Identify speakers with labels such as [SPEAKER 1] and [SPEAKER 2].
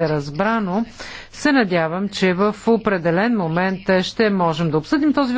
[SPEAKER 1] разбрано, се надявам, че в определен момент ще можем да обсъдим този